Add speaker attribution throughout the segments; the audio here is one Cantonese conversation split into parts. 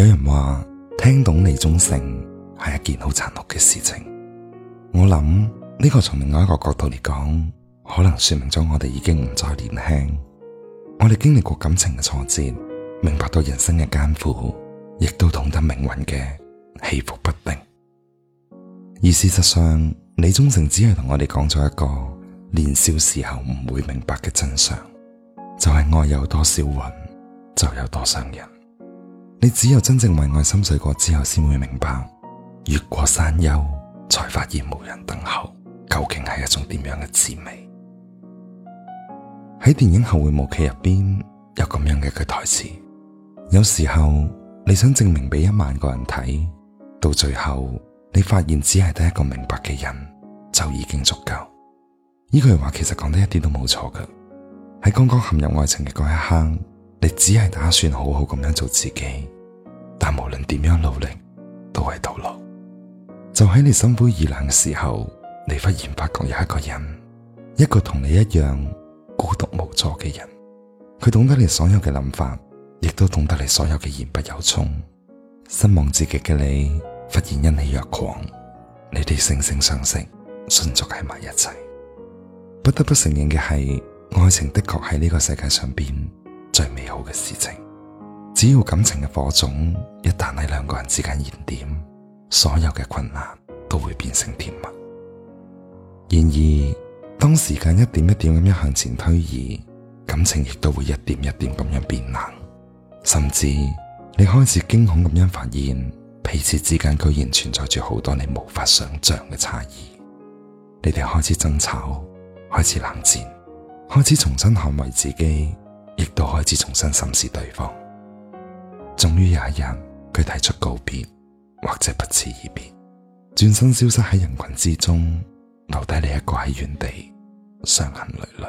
Speaker 1: 有人話聽懂李宗盛係一件好殘酷嘅事情，我諗呢個從另外一個角度嚟講，可能說明咗我哋已經唔再年輕，我哋經歷過感情嘅挫折，明白到人生嘅艱苦，亦都懂得命運嘅起伏不定。而事實上，李宗盛只係同我哋講咗一個年少時候唔會明白嘅真相，就係愛有多銷魂，就有多傷人。你只有真正為愛心碎過，之後，先會明白，越過山丘，才發現無人等候，究竟係一種點樣嘅滋味？喺 電影《後會無期》入邊有咁樣嘅一句台詞：有時候你想證明俾一萬個人睇，到最後你發現只係得一個明白嘅人就已經足夠。呢句話其實講得一啲都冇錯㗎。喺剛剛陷入愛情嘅嗰一刻。你只係打算好好咁樣做自己，但無論點樣努力都係徒勞。就喺你心灰意冷嘅時候，你忽然發覺有一個人，一個同你一樣孤獨無助嘅人，佢懂得你所有嘅諗法，亦都懂得你所有嘅言不由衷。失望至極嘅你，忽然欣喜若狂，你哋惺惺相惜，迅速喺埋一齊。不得不承認嘅係，愛情的確喺呢個世界上邊。最美好嘅事情，只要感情嘅火種一旦喺兩個人之間燃點，所有嘅困難都會變成甜蜜。然而，當時間一點一點咁樣向前推移，感情亦都會一點一點咁樣變冷，甚至你開始驚恐咁樣發現彼此之間居然存在住好多你無法想象嘅差異。你哋開始爭吵，開始冷戰，開始重新捍衛自己。亦都開始重新審視對方。終於有一日，佢提出告別，或者不辭而別，轉身消失喺人群之中，留低你一個喺原地，傷痕累累。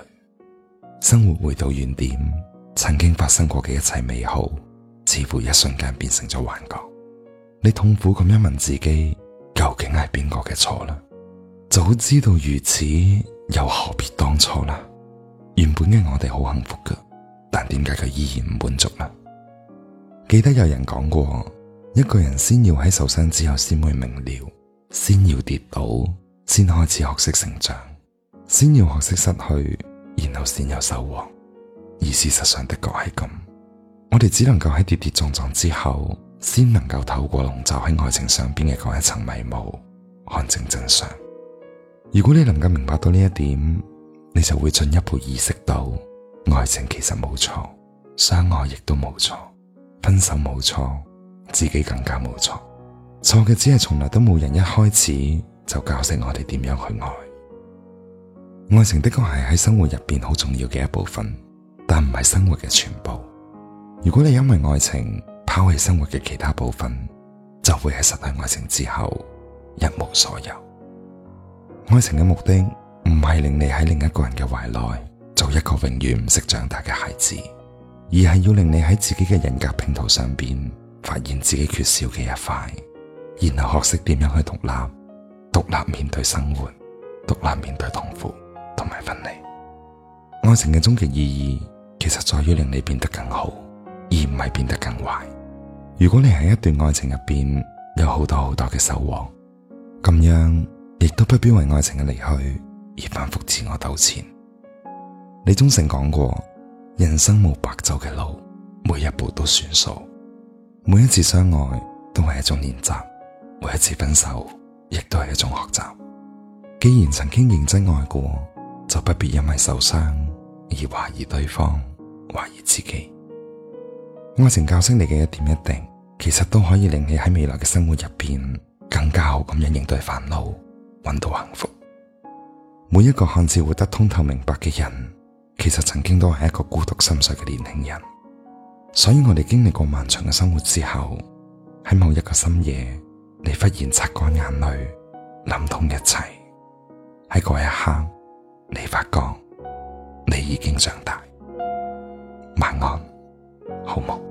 Speaker 1: 生活回到原點，曾經發生過嘅一切美好，似乎一瞬間變成咗幻覺。你痛苦咁樣問自己，究竟係邊個嘅錯呢？早知道如此，又何必當初呢？原本嘅我哋好幸福噶。但點解佢依然唔滿足呢？記得有人講過，一個人先要喺受傷之後先會明了，先要跌倒，先開始學識成長，先要學識失去，然後先有收穫。而事實上的確係咁，我哋只能夠喺跌跌撞撞之後，先能夠透過籠罩喺愛情上邊嘅嗰一層迷霧，看清真相。如果你能夠明白到呢一點，你就會進一步意識到。愛情其實冇錯，相愛亦都冇錯，分手冇錯，自己更加冇錯。錯嘅只係從來都冇人一開始就教識我哋點樣去愛。愛情的確係喺生活入邊好重要嘅一部分，但唔係生活嘅全部。如果你因為愛情拋棄生活嘅其他部分，就會喺失去愛情之後一無所有。愛情嘅目的唔係令你喺另一個人嘅懷內。到一個永遠唔識長大嘅孩子，而係要令你喺自己嘅人格拼圖上邊，發現自己缺少嘅一塊，然後學識點樣去獨立，獨立面對生活，獨立面對痛苦同埋分離。愛情嘅終極意義，其實在於令你變得更好，而唔係變得更壞。如果你喺一段愛情入邊有好多好多嘅收穫，咁樣亦都不必為愛情嘅離去而反覆自我道歉。李宗盛講過：人生冇白走嘅路，每一步都算數；每一次相愛都係一種練習，每一次分手亦都係一種學習。既然曾經認真愛過，就不必因為受傷而懷疑對方、懷疑自己。愛情教識你嘅一點一滴，其實都可以令你喺未來嘅生活入邊更加好咁樣應對煩惱，搵到幸福。每一個看似活得通透明白嘅人，其實曾經都係一個孤獨心碎嘅年輕人，所以我哋經歷過漫長嘅生活之後，喺某一個深夜，你忽然擦乾眼淚，諗通一切。喺嗰一刻，你發覺你已經長大。晚安，好夢。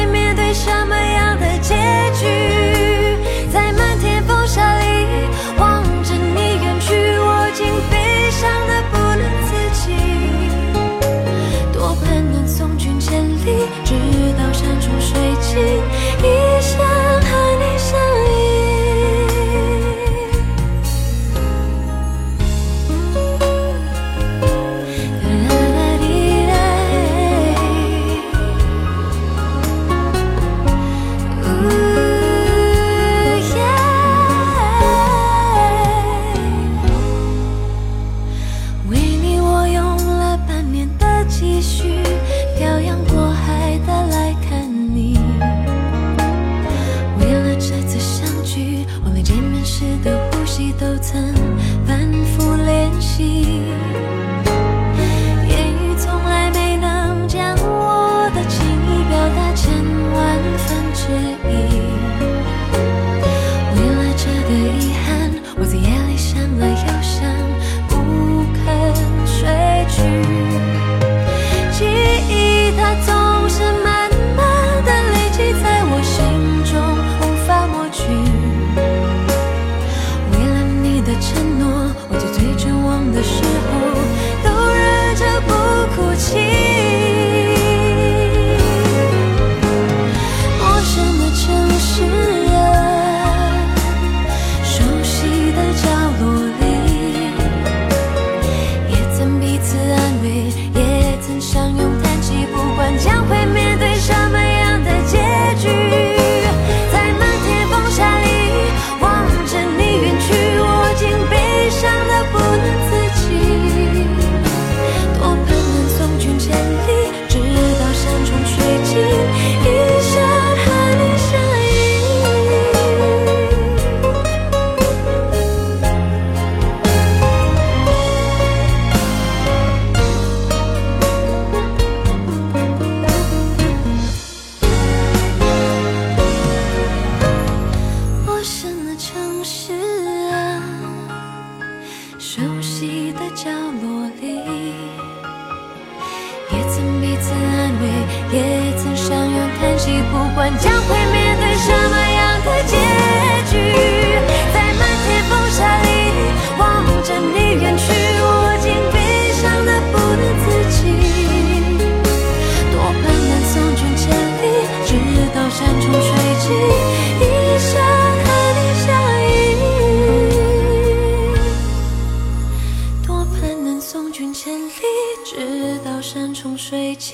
Speaker 2: 送君千里，直到山窮水盡。